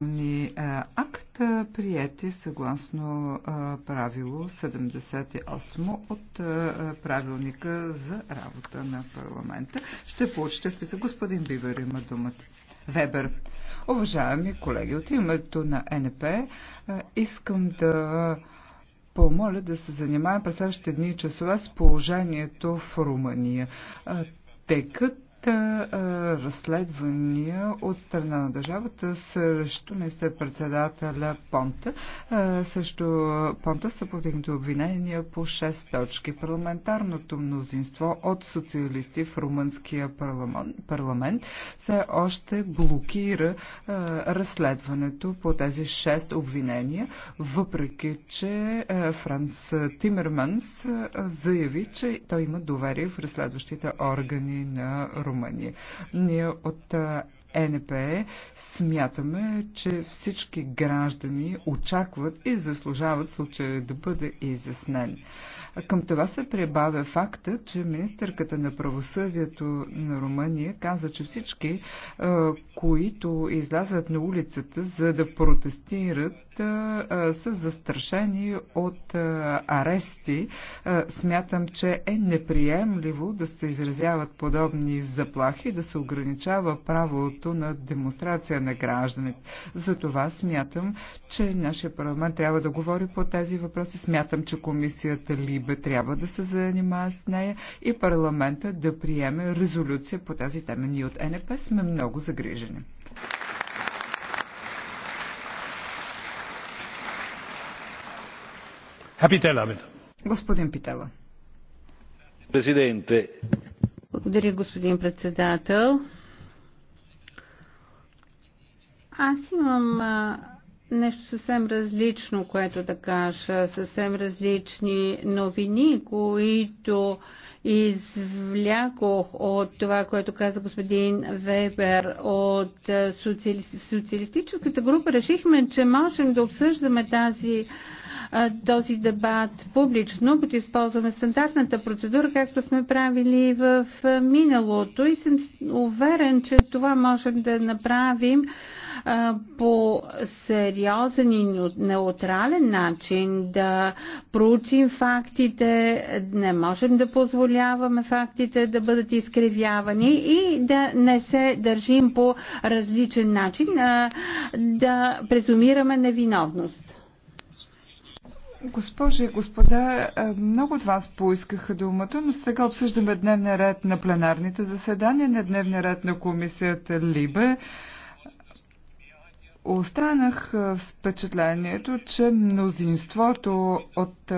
законодателни акта, прияти съгласно правило 78 от правилника за работа на парламента. Ще получите списък. Господин Бивер има думата. Вебер. Уважаеми колеги, от името на НП искам да помоля да се занимаем през следващите дни и часове с положението в Румъния. Текът Та разследвания от страна на държавата срещу министър-председателя Понта. Също Понта са повдигнати обвинения по 6 точки. Парламентарното мнозинство от социалисти в румънския парламент, парламент все още блокира разследването по тези 6 обвинения, въпреки че Франц Тимерманс заяви, че той има доверие в разследващите органи на Румъния. Румъния. Ние от НПЕ смятаме, че всички граждани очакват и заслужават случая да бъде изяснен. Към това се прибавя факта, че министърката на правосъдието на Румъния каза, че всички, които излязат на улицата за да протестират, са застрашени от арести. Смятам, че е неприемливо да се изразяват подобни заплахи, да се ограничава правото на демонстрация на гражданите. Затова смятам, че нашия парламент трябва да говори по тези въпроси. Смятам, че комисията ли. Либе трябва да се занимава с нея и парламента да приеме резолюция по тази тема. Ние от НП сме много загрижени. Господин Питела. Президенте. Благодаря, господин председател. Аз имам нещо съвсем различно, което да кажа, съвсем различни новини, които извлякох от това, което каза господин Вебер от е, социали... социалистическата група. Решихме, че можем да обсъждаме тази е, този дебат публично, като използваме стандартната процедура, както сме правили в е, миналото. И съм уверен, че това можем да направим по сериозен и неутрален начин да проучим фактите, не можем да позволяваме фактите да бъдат изкривявани и да не се държим по различен начин, да презумираме невиновност. Госпожи и господа, много от вас поискаха думата, но сега обсъждаме дневния ред на пленарните заседания, на дневния ред на комисията Либе. Останах с впечатлението, че мнозинството от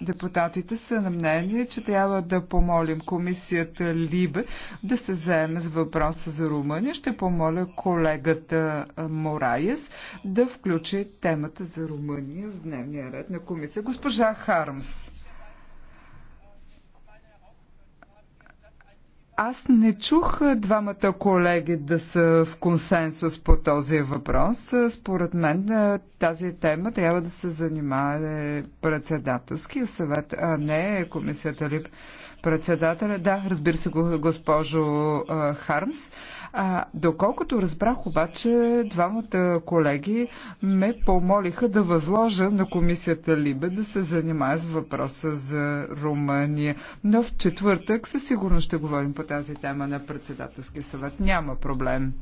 депутатите са на мнение, че трябва да помолим комисията Либе да се заеме с въпроса за Румъния. Ще помоля колегата Мораес да включи темата за Румъния в дневния ред на комисия. Госпожа Хармс. Аз не чух двамата колеги да са в консенсус по този въпрос. Според мен тази тема трябва да се занимава председателския съвет, а не комисията ли председателя. Да, разбира се, госпожо Хармс. А, доколкото разбрах обаче, двамата колеги ме помолиха да възложа на комисията Либе да се занимае с въпроса за Румъния. Но в четвъртък със сигурност ще говорим по тази тема на председателски съвет. Няма проблем.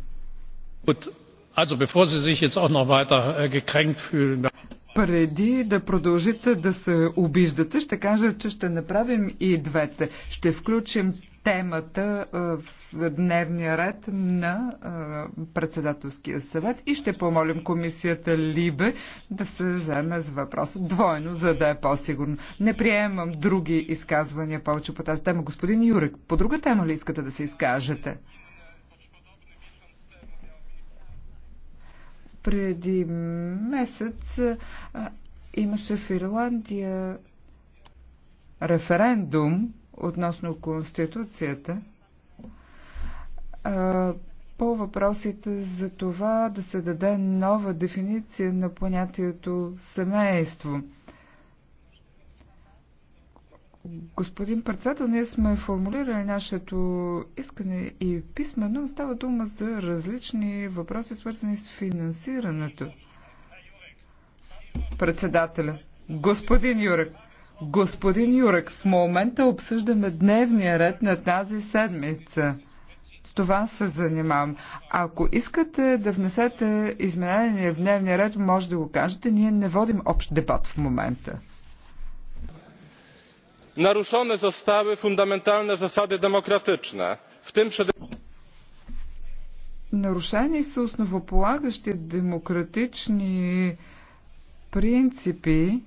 Also bevor Sie sich jetzt auch noch weiter äh, gekränkt fühlen, преди да продължите да се обиждате, ще кажа, че ще направим и двете. Ще включим темата в дневния ред на председателския съвет и ще помолим комисията Либе да се вземе с въпроса двойно, за да е по-сигурно. Не приемам други изказвания повече по тази тема. Господин Юрик, по друга тема ли искате да се изкажете? Преди месец имаше в Ирландия референдум относно Конституцията по въпросите за това да се даде нова дефиниция на понятието семейство. Господин председател, ние сме формулирали нашето искане и писменно става дума за различни въпроси, свързани с финансирането. Председателя. Господин Юрек. Господин Юрек, в момента обсъждаме дневния ред на тази седмица. С това се занимавам. Ако искате да внесете изменения в дневния ред, може да го кажете. Ние не водим общ дебат в момента. Нарушени zostały фундаментални засади demokratyczne, В tym че... Нарушени са основополагащи демократични принципи,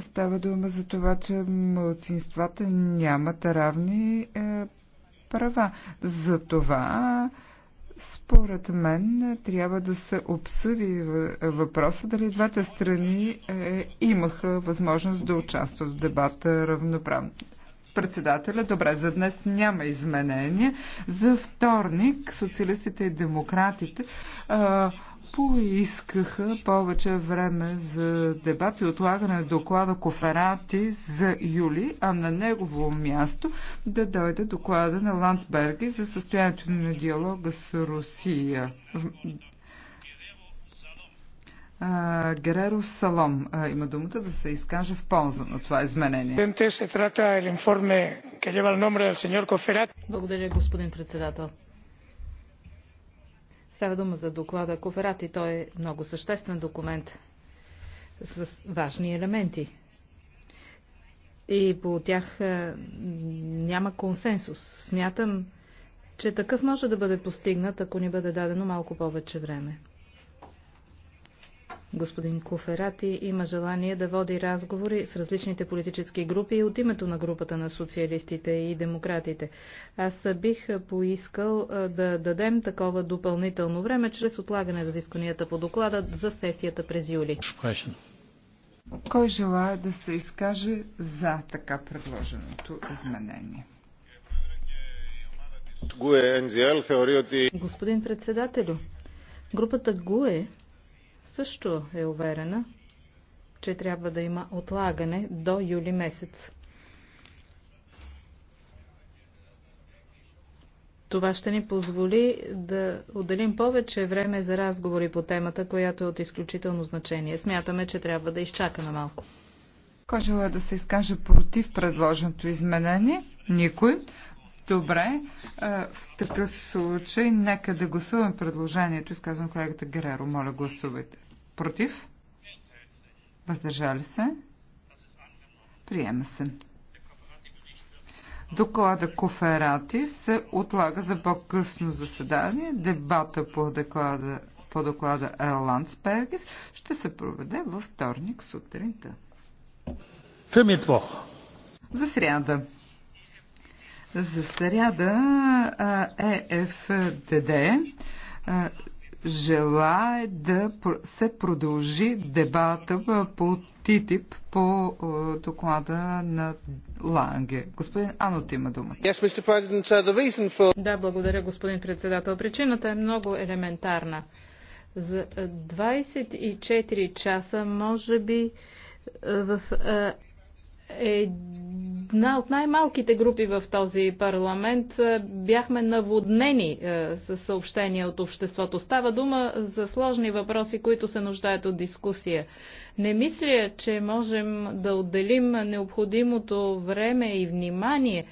Става дума за това, че младсинствата нямат равни е, права. За това, според мен, трябва да се обсъди въпроса дали двете страни е, имаха възможност да участват в дебата равноправно председателя. Добре, за днес няма изменения. За вторник социалистите и демократите Е, поискаха повече време за дебат и отлагане на доклада Коферати за юли, а на негово място да дойде доклада на Ландсберги за състоянието на диалога с Русия. Гереро Салом има думата да се изкаже в полза на това изменение. Благодаря, господин председател. Става дума за доклада Коферати. Той е много съществен документ с важни елементи. И по тях е, няма консенсус. Смятам, че такъв може да бъде постигнат, ако ни бъде дадено малко повече време. Господин Куферати има желание да води разговори с различните политически групи от името на групата на социалистите и демократите. Аз бих поискал да дадем такова допълнително време чрез отлагане разискванията по доклада за сесията през юли. Кой желая да се изкаже за така предложеното изменение? Господин председателю, групата ГУЕ също е уверена, че трябва да има отлагане до юли месец. Това ще ни позволи да отделим повече време за разговори по темата, която е от изключително значение. Смятаме, че трябва да изчакаме малко. Кой желая да се изкаже против предложеното изменение? Никой. Добре. Е, в такъв случай, нека да гласуваме предложението, изказвам колегата Гереро. Моля, гласувайте. Против? Въздържали се? Приема се. Доклада Коферати се отлага за по-късно заседание. Дебата по доклада, по доклада Пергис ще се проведе във вторник сутринта. За сряда. За сряда ЕФДД желае да се продължи дебата по ТИТИП по е, доклада на Ланге. Господин Анот има дума. Да, благодаря, господин председател. Причината е много елементарна. За 24 е, часа, може би, е, в е една от най-малките групи в този парламент е, бяхме наводнени е, с съобщения от обществото. Става дума за сложни въпроси, които се нуждаят от дискусия. Не мисля, че можем да отделим необходимото време и внимание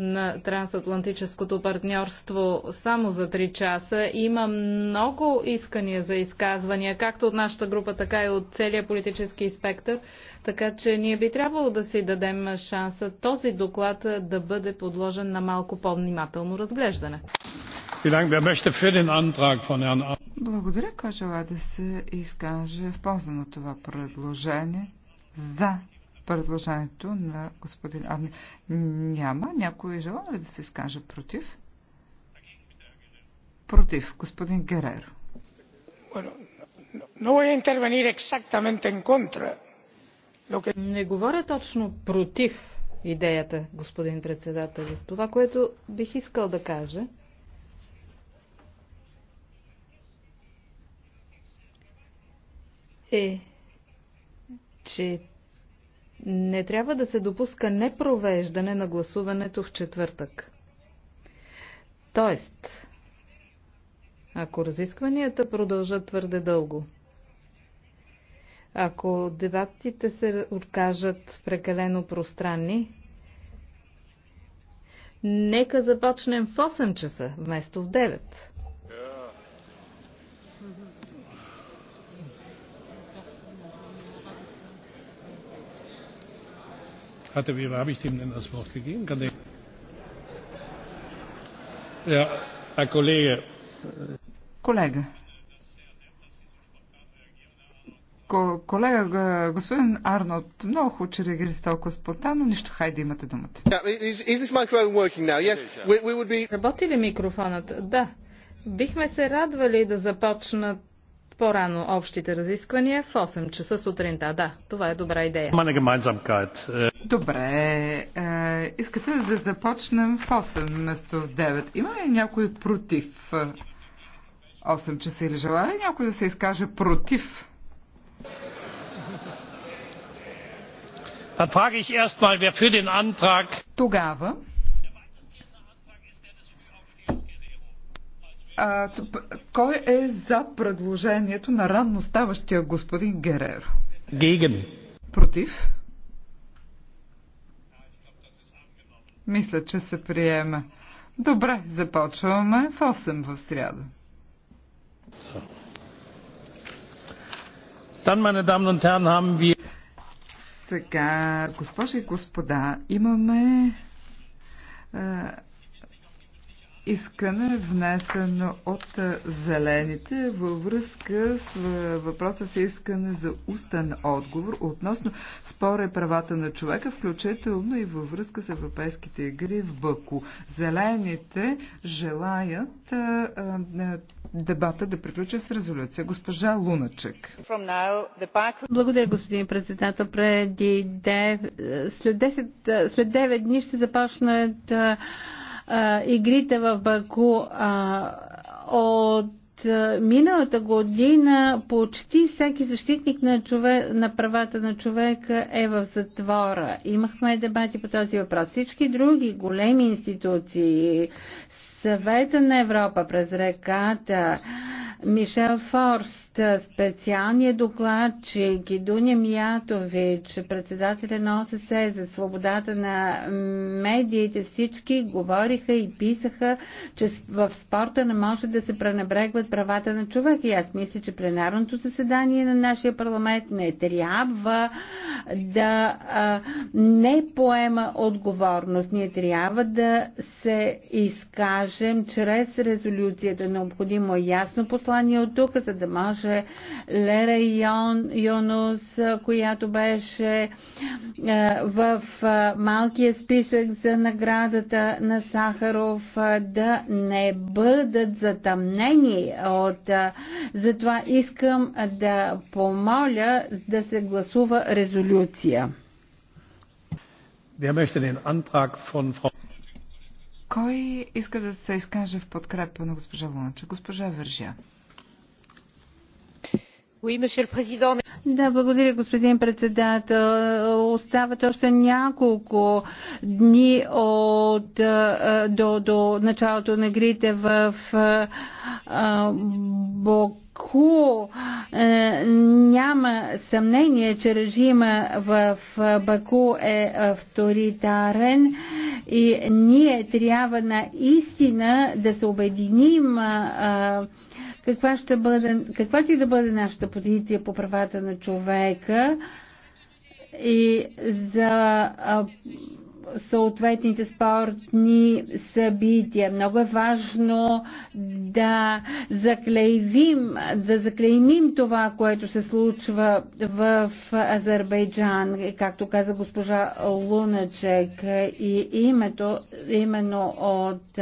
на трансатлантическото партньорство само за 3 часа. Има много искания за изказвания, както от нашата група, така и от целия политически спектър, така че ние би трябвало да си дадем шанса този доклад да бъде подложен на малко по-внимателно разглеждане. Благодаря. Кой желая да се изкаже в полза на това предложение? За предложението на господин Арни. Няма. Някой желава ли да се изкаже против? Против. Господин Гереро. Не говоря точно против идеята, господин председател. Това, което бих искал да кажа, е, че не трябва да се допуска непровеждане на гласуването в четвъртък. Тоест, ако разискванията продължат твърде дълго, ако дебатите се откажат прекалено пространни, нека започнем в 8 часа вместо в 9. Hatte, wem habe ich dem denn das Wort gegeben? Kann der, ja, Herr Kollege. Kollege. Колега, господин Арнот, много хубаво, че реагирате толкова спонтанно. Нищо, хайде имате думата. Работи ли микрофонът? Да. Бихме се радвали да започнат по-рано общите разисквания в 8 часа сутринта. Да, това е добра идея. Добре, е, искате да започнем в 8 вместо в 9. Има ли някой против 8 е, часа или желая ли някой да се изкаже против? Тогава а, кой е за предложението на ранно ставащия господин Гереро? Геген. Против? Мисля, че се приема. Добре, започваме в 8 в сряда. Така, госпожи и господа, имаме искане, внесено от Зелените във връзка с въпроса с искане за устен отговор относно спора и правата на човека, включително и във връзка с европейските игри в Баку. Зелените желаят дебата да приключи с резолюция. Госпожа Луначек. Благодаря, господин председател. Преди 9, след, 10, след 9 дни ще започнат да игрите в Баку а, от миналата година почти всеки защитник на, чове, на правата на човека е в затвора. Имахме дебати по този въпрос. Всички други големи институции, съвета на Европа през реката, Мишел Форст, специалният докладчик Идуня Миятович, председателя на ОССЕ за свободата на медиите, всички говориха и писаха, че в спорта не може да се пренебрегват правата на човека. И аз мисля, че пленарното заседание на нашия парламент не трябва да а, не поема отговорност. Ние трябва да се изкажем чрез резолюцията. Необходимо е ясно послание от тук, за да може каже Лера Йон, Йонус, която беше е, в е, малкия списък за наградата на Сахаров, е, да не бъдат затъмнени от... Затова искам да помоля да се гласува резолюция. Кой иска да се изкаже в подкрепа на госпожа Луначе? Госпожа Вържия. Да, благодаря, господин председател. Остават още няколко дни от, до, до началото на игрите в БОКУ. Е, няма съмнение, че режима в Баку е авторитарен и ние трябва наистина да се обединим каква ще бъде, каква ти да бъде нашата позиция по правата на човека и за съответните спортни събития. Много е важно да заклеймим, да заклеймим това, което се случва в Азербайджан, както каза госпожа Луначек и името, именно от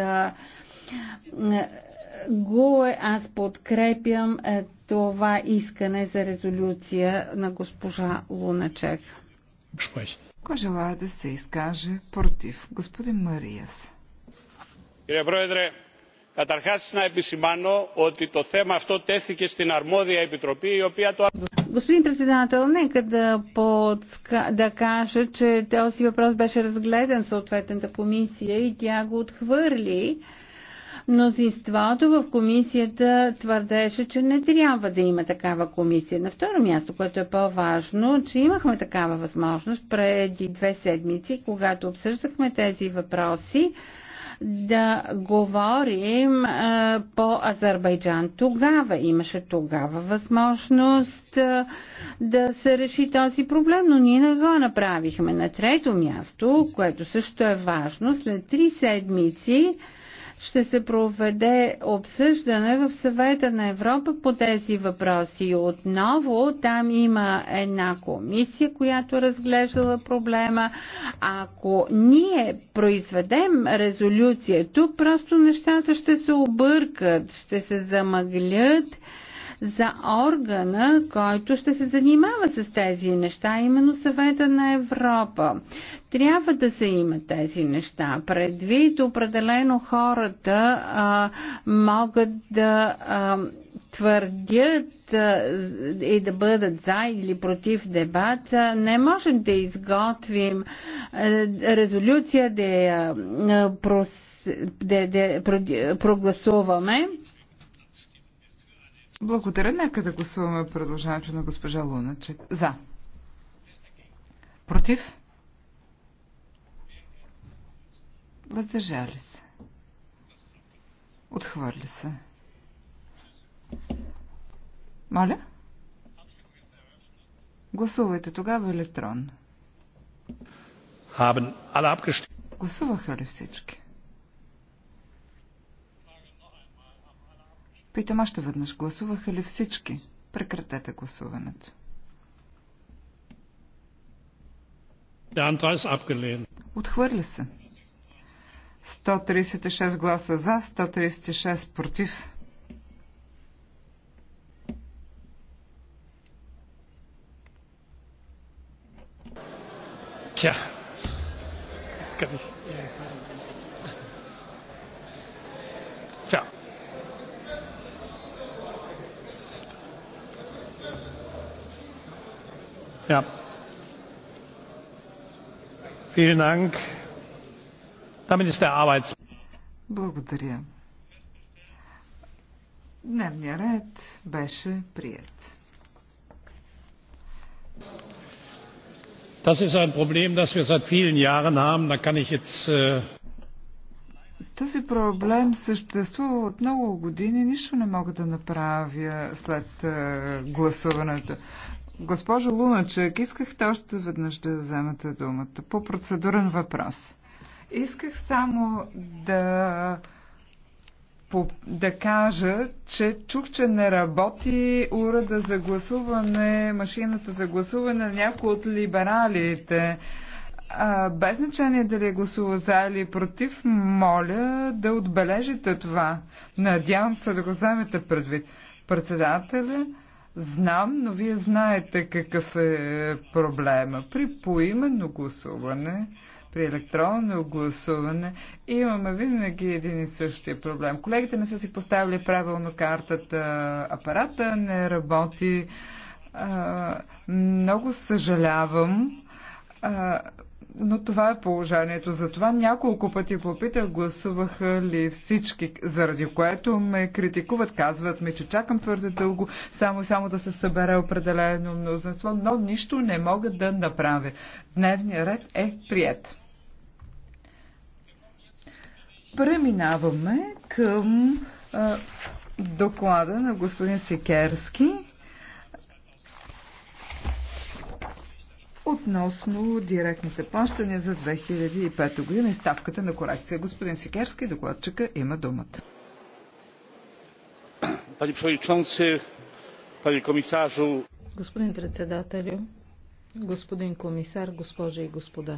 Гуе, аз подкрепям е, това искане за резолюция на госпожа Луначек. Кой желая е да се изкаже против? Господин Мариас. Кире Πρόεδρε, Катархас на επισημάνω ότι το θέμα αυτό τέθηκε στην αρμόδια επιτροπή η οποία το... Господин председател, нека да, подска... да кажа, че този въпрос беше разгледан в съответната комисия и тя го отхвърли. Мнозинството в комисията твърдеше, че не трябва да има такава комисия. На второ място, което е по-важно, че имахме такава възможност преди две седмици, когато обсъждахме тези въпроси да говорим а, по Азербайджан. Тогава имаше тогава възможност а, да се реши този проблем, но ние не го направихме. На трето място, което също е важно, след три седмици ще се проведе обсъждане в съвета на Европа по тези въпроси. Отново там има една комисия, която разглеждала проблема. Ако ние произведем резолюция тук, просто нещата ще се объркат, ще се замъглят за органа, който ще се занимава с тези неща, именно съвета на Европа. Трябва да се имат тези неща. Предвид определено хората а, могат да а, твърдят а, и да бъдат за или против дебат, а, не можем да изготвим а, резолюция да я да, да, прогласуваме благодаря. Нека да гласуваме предложението на госпожа Луначек. За. Против? Въздържали се. Отхвърля се. Моля? Гласувайте тогава електронно. Гласуваха ли всички? Питам още веднъж, гласуваха ли всички? Прекратете гласуването. Отхвърля се. 136 гласа за, 136 против. Тя. Тя. Ja. Vielen Dank. Damit ist der Arbeits. Благодаря. Дневния ред беше прият. Das ist ein Problem, das wir seit vielen Jahren haben. Da kann ich jetzt äh, този проблем съществува от много години, нищо не мога да направя след е, гласуването. Госпожо Луначек, искахте още веднъж да вземете думата по процедурен въпрос. Исках само да по, да кажа, че чух, че не работи урада за гласуване, машината за гласуване на някои от либералите. А, без значение дали е гласува за или против, моля да отбележите това. Надявам се да го вземете предвид. Председателя Знам, но вие знаете какъв е проблема. При поименно гласуване, при електронно гласуване, имаме винаги един и същия проблем. Колегите не са си поставили правилно картата, апарата не работи. А, много съжалявам. А, но това е положението. Затова няколко пъти попитах, гласуваха ли всички, заради което ме критикуват. Казват ми, че чакам твърде дълго, само само да се събере определено мнозинство, но нищо не мога да направя. Дневният ред е прият. Преминаваме към а, доклада на господин Секерски. относно директните плащания за 2005 година и ставката на корекция. Господин Сикерски, докладчика, има думата. Пани Przewodniczący, Пани Комисажу. Господин председателю, господин комисар, госпожи и господа.